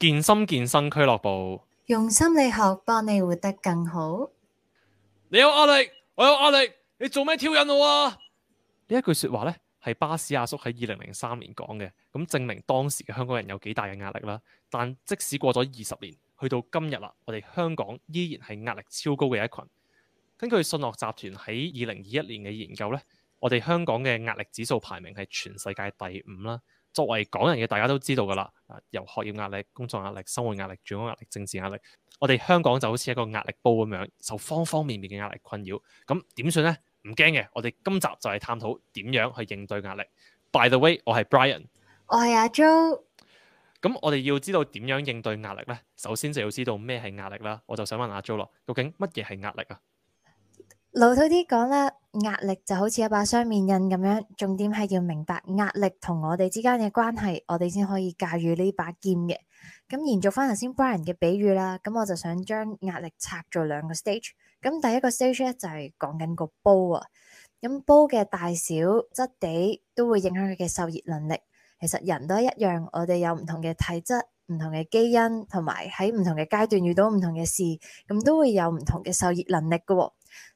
健心健身俱樂部，用心理學幫你活得更好。你有壓力，我有壓力，你做咩挑釁我啊？呢一句說話咧，係巴士阿叔喺二零零三年講嘅，咁證明當時嘅香港人有幾大嘅壓力啦。但即使過咗二十年，去到今日啦，我哋香港依然係壓力超高嘅一群。根據信諾集團喺二零二一年嘅研究咧，我哋香港嘅壓力指數排名係全世界第五啦。作為港人嘅，大家都知道噶啦，由學業壓力、工作壓力、生活壓力、轉工壓力、政治壓力，我哋香港就好似一個壓力煲咁樣，受方方面面嘅壓力困擾。咁點算呢？唔驚嘅，我哋今集就係探討點樣去應對壓力。By the way，我係 Brian，我係阿 Jo。咁我哋要知道點樣應對壓力呢？首先就要知道咩係壓力啦。我就想問阿 Jo 啦，究竟乜嘢係壓力啊？老套啲講啦，壓力就好似一把雙面刃咁樣，重點係要明白壓力同我哋之間嘅關係，我哋先可以駕馭呢把劍嘅。咁延續翻頭先 Brian 嘅比喻啦，咁我就想將壓力拆做兩個 stage。咁第一個 stage 咧，就係講緊個煲啊，咁煲嘅大小、質地都會影響佢嘅受熱能力。其實人都一樣，我哋有唔同嘅體質、唔同嘅基因，同埋喺唔同嘅階段遇到唔同嘅事，咁都會有唔同嘅受熱能力噶喎。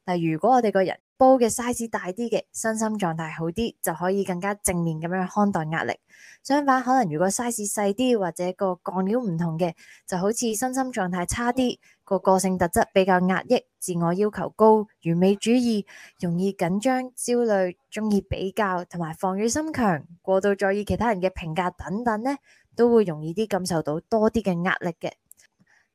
但如果我哋個人煲嘅 size 大啲嘅，身心狀態好啲，就可以更加正面咁樣看待壓力。相反，可能如果 size 細啲或者個降料唔同嘅，就好似身心狀態差啲，個個性特質比較壓抑、自我要求高、完美主義、容易緊張、焦慮、中意比較同埋防禦心強、過度在意其他人嘅評價等等呢，都會容易啲感受到多啲嘅壓力嘅。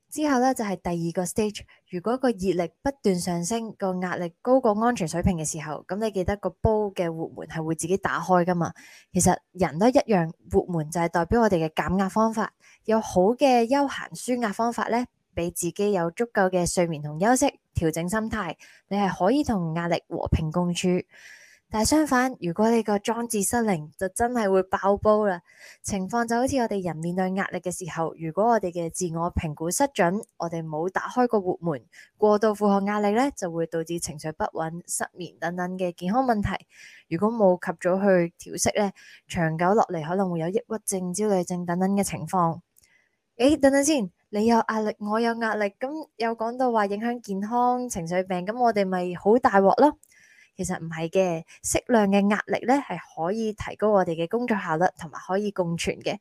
之後咧就係第二個 stage，如果個熱力不斷上升，個壓力高過安全水平嘅時候，咁你記得個煲嘅活門係會自己打開噶嘛？其實人都一樣，活門就係代表我哋嘅減壓方法。有好嘅休閒舒壓方法咧，俾自己有足夠嘅睡眠同休息，調整心態，你係可以同壓力和平共處。但相反，如果你個裝置失靈，就真係會爆煲啦。情況就好似我哋人面對壓力嘅時候，如果我哋嘅自我評估失準，我哋冇打開個活門，過度負荷壓力咧，就會導致情緒不穩、失眠等等嘅健康問題。如果冇及早去調息咧，長久落嚟可能會有抑鬱症、焦慮症等等嘅情況。誒、欸，等等先，你有壓力，我有壓力，咁又講到話影響健康、情緒病，咁我哋咪好大鑊咯？其實唔係嘅，適量嘅壓力咧係可以提高我哋嘅工作效率，同埋可以共存嘅。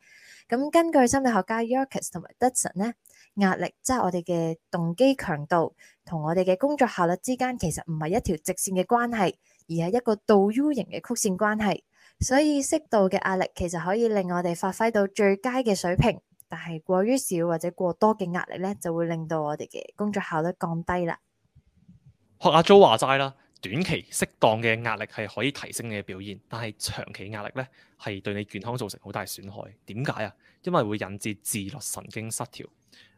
咁根據心理學家 Yerkes 同埋 Dodson 咧，壓力即係我哋嘅動機強度同我哋嘅工作效率之間其實唔係一條直線嘅關係，而係一個倒 U 型嘅曲線關係。所以適度嘅壓力其實可以令我哋發揮到最佳嘅水平，但係過於少或者過多嘅壓力咧就會令到我哋嘅工作效率降低啦。學阿 Jo 話齋啦。短期適當嘅壓力係可以提升你嘅表現，但係長期壓力咧係對你健康造成好大損害。點解啊？因為會引致自律神經失調。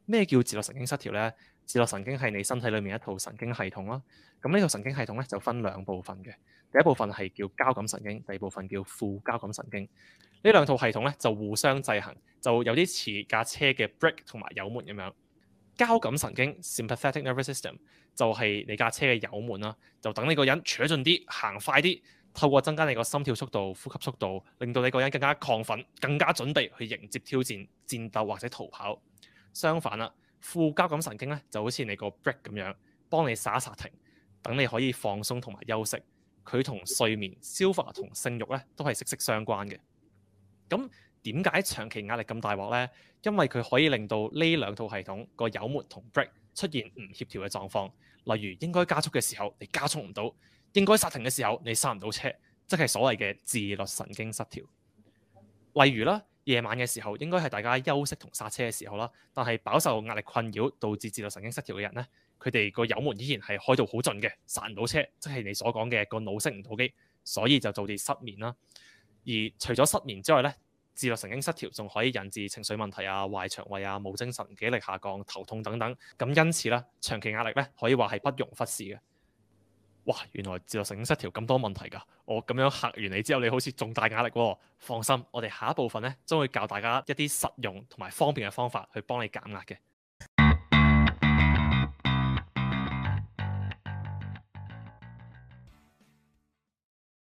咩叫自律神經失調咧？自律神經係你身體裏面一套神經系統啦。咁呢套神經系統咧就分兩部分嘅。第一部分係叫交感神經，第二部分叫副交感神經。呢兩套系統咧就互相制衡，就有啲似架車嘅 brake 同埋油門咁樣。交感神經 sympathetic nervous system 就係你架車嘅油門啦，就等你個人扯盡啲行快啲，透過增加你個心跳速度、呼吸速度，令到你個人更加亢奮、更加準備去迎接挑戰、戰鬥或者逃跑。相反啦，副交感神經咧就好似你個 brake 咁樣，幫你剎一剎停，等你可以放鬆同埋休息。佢同睡眠、消化同性欲咧都係息息相關嘅。咁點解長期壓力咁大鑊呢？因為佢可以令到呢兩套系統個油門同 brake 出現唔協調嘅狀況，例如應該加速嘅時候你加速唔到，應該剎停嘅時候你剎唔到車，即係所謂嘅自律神經失調。例如啦，夜晚嘅時候應該係大家休息同剎車嘅時候啦，但係飽受壓力困擾導致自律神經失調嘅人呢，佢哋個油門依然係開到好盡嘅，剎唔到車，即係你所講嘅個腦熄唔到機，所以就導致失眠啦。而除咗失眠之外呢。自律神經失調仲可以引致情緒問題啊、壞腸胃啊、冇精神、記力下降、頭痛等等。咁因此咧，長期壓力咧可以話係不容忽視嘅。哇！原來自律神經失調咁多問題㗎。我咁樣嚇完你之後，你好似仲大壓力喎。哦。放心，我哋下一部分咧，將會教大家一啲實用同埋方便嘅方法去幫你減壓嘅。